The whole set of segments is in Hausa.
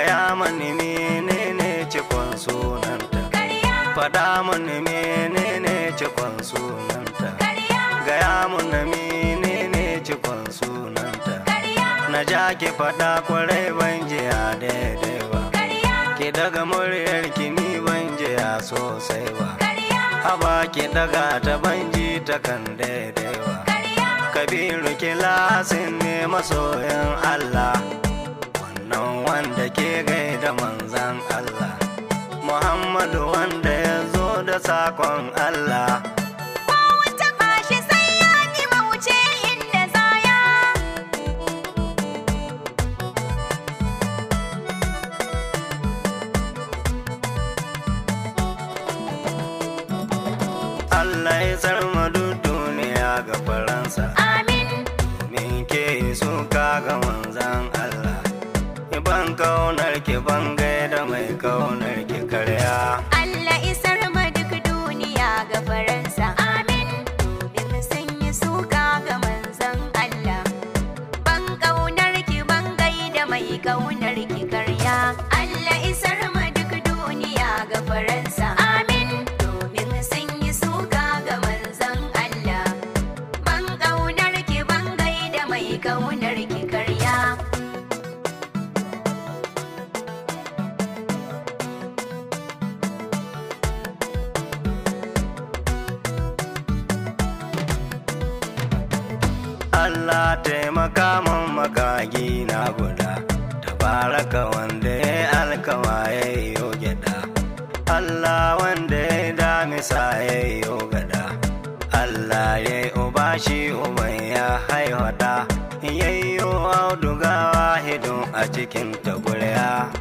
gaya mani menene cikon sunanta faɗa mani menene cikon sunanta gaya mani menene cikon sunanta na ja ki faɗa kwarai ban je a daidai ba ki daga muryar ni ban je a sosai ba haba ki daga ta ban ji ta kan daidai ba kabiru kilasin ne masoyan allah nan wanda ke gaida manzan Allah Muhammadu wanda ya zo da sakon Allah ki bange da mai kaunar ki karya Allah isar ma duk duniya ga faransa amin domin sun yi suka ga manzan Allah ban kaunar ki bange da mai kaunar ki karya Allah isar ma duk duniya ga faransa Allah taimaka min makagi na guda tabaraka wanda ya alkawa ya yi gida Allah wanda ya damisa ya yi gada Allah ya yi uba shi uban ya haihuwa ya yi audugawa hidun a cikin tagulya.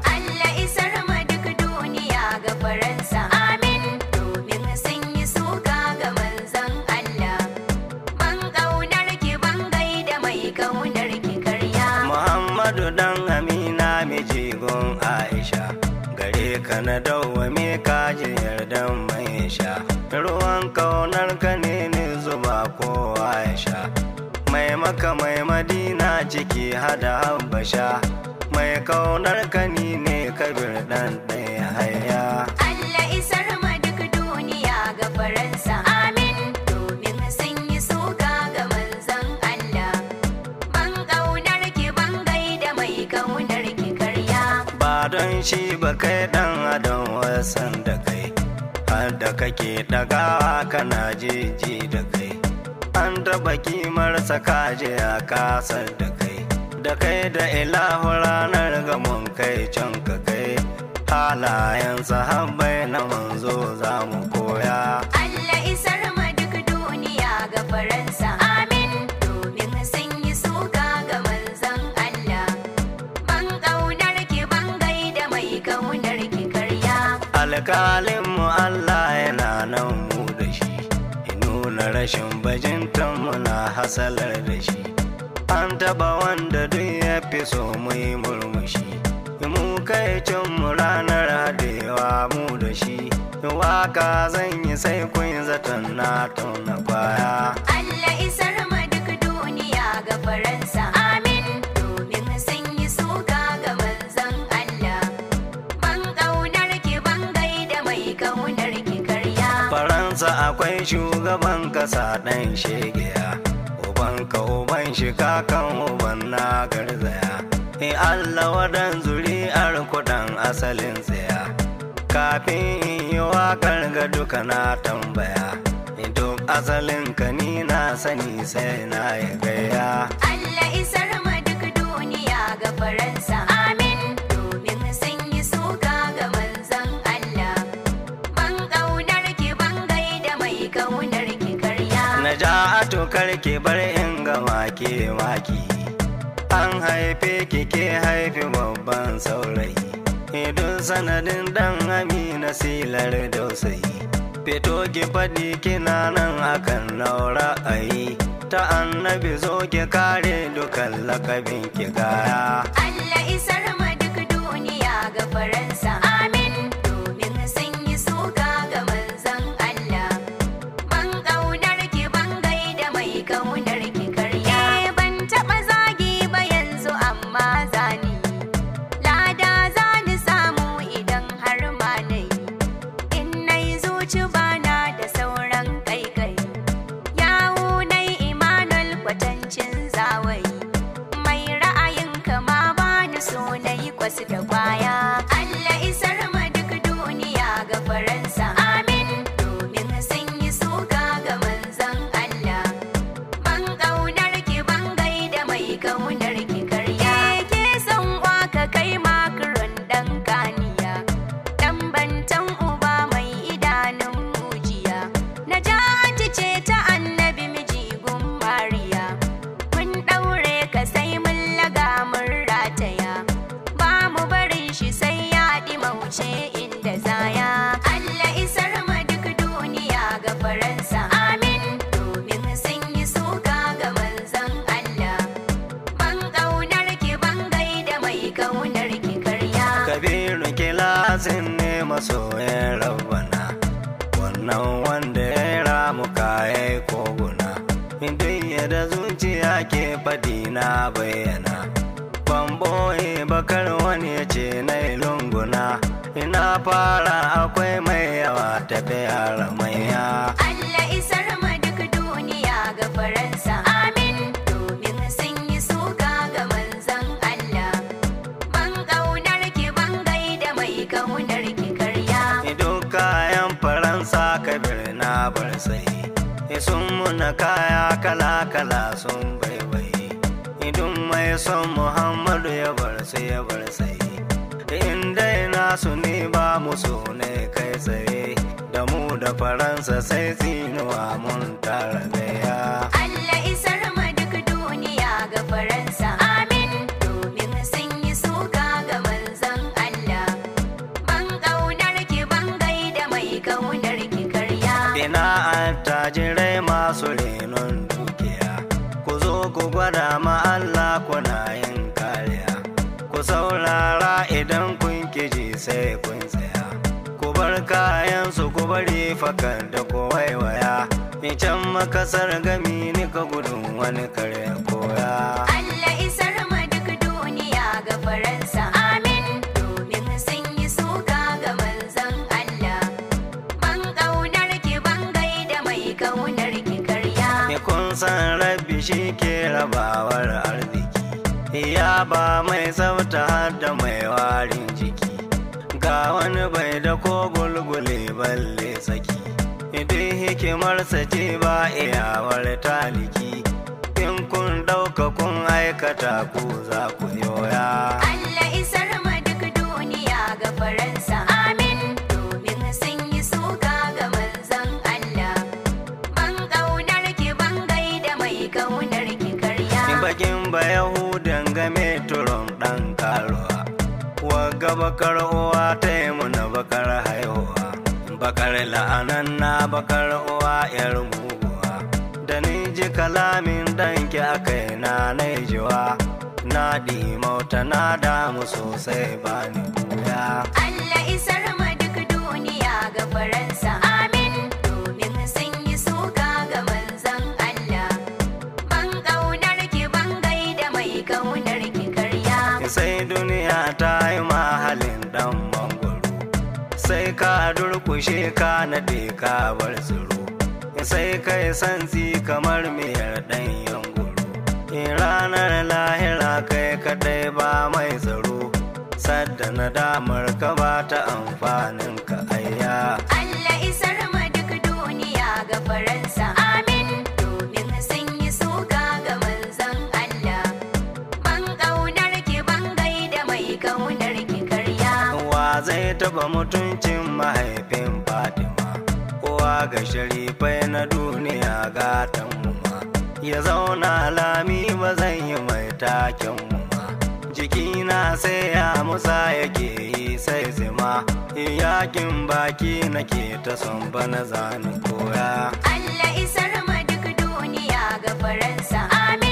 gidan amina miji gun aisha gare ka na dawo me ka ji yardan mai sha ruwan kaunar ka ne ne zuba ko aisha mai maka mai madina ciki hada habasha mai kaunar ka ne ne kabir dan ɗaya haya ba kai dan adam wasan da kai har da kake dagawa kana jiji da kai an taba kimar kaje a kasar da kai da kai da ilahu ranar gamon kai can ka kai halayen sahabbai na manzo za mu koya Allah isar ma duk duniya ga faransa kalin mu Allah yana nan mu da shi nuna rashin bajintan muna hasalar da shi an taba wanda duk ya fi so mu yi murmushi mu kai cin mu ranar hadewa mu da shi waka zan yi sai kun zaton na tauna kwaya Allah isar sa akwai shugaban kasa ɗan shegeya. uban ka uban shi kan uban na garzaya in allah wadan zuri'ar kudan asalin tsaya kafin in yi wakar ga duka na tambaya duk asalin ka ni na sani sai na ya gaya allah isar ma duk duniya ga faransa ki bar in ga wake maki an haife ki ke haifi babban saurayi idan sanadin dan amina silar dausayi fito ki faɗi kina nan akan naura ayi ta annabi zo ki kare dukan lakabin ki gaya Allah isar ma duk duniya ga faransa wasu da baya faransa amin domin sun yi suka ga manzan Allah ban kaunar ki ban gaida mai kaunar ki karya kabiru kilasin ne masoyin rabbana wannan wanda ya ramu kaye koguna duk da zuciya ke fadi na bayyana boye bakar wani ce na lunguna ina fara akwai mai yawa tafiyar maiya Allah isar ma duk duniya ga faransa amin domin sun yi suka ga manzan Allah ban kaunar ki ban gaida mai kaunar ki karya ido kayan faransa kabir na bar sai kaya kala kala sun bai son muhammadu ya bar sai ya bar sai inda na su ne ba musu ne kai tsaye da mu da faransa sai tsinuwa mun tara Allah isar ma duk duniya ga faransa gwada ma Allah kuna yin kariya ku saurara idan kun kiji sai kun tsaya ku bar kayan su ku bari fakar da ku waiwaya ni can makasar gami ni ka gudun wani kare koya Allah isar ma duk duniya ga Faransa shi ke rabawar arziki ya ba mai tsafta da mai warin jiki ga wani bai da ko gulgule balle saki, idan hikimarsa ce ba iyawar taliki in kun ɗauka kun aikata ku za ku yoya Allah isar ma duk duniya ga faransa bakin ba yahudan game turon ɗan karuwa wagga bakar uwa ta yi muna bakar haihuwa bakar la'anan na bakar uwa yar guguwa da ni ji kalamin ɗanki a kai na naijiwa na mauta na damu sosai ba ni Allah isar ma duk duniya ga faransa sai ka durkushe ka na ka bar tsiro sai kai santsi kamar miyar ɗanyen goro in ranar lahira kai kadai ba mai tsaro sadda na damar ka ba ta amfanin ka ayya Allah isar ma duk duniya ga faransa zuba mutuncin mahaifin fatima kowa ga sharifai na duniya gatan mu ma ya zauna lami ba zan yi mai taken mu ma jikina sai ya musa yake yi sai zima yakin baki nake ta son bana zanen koya Allah isar ma duk duniya ga faransa amin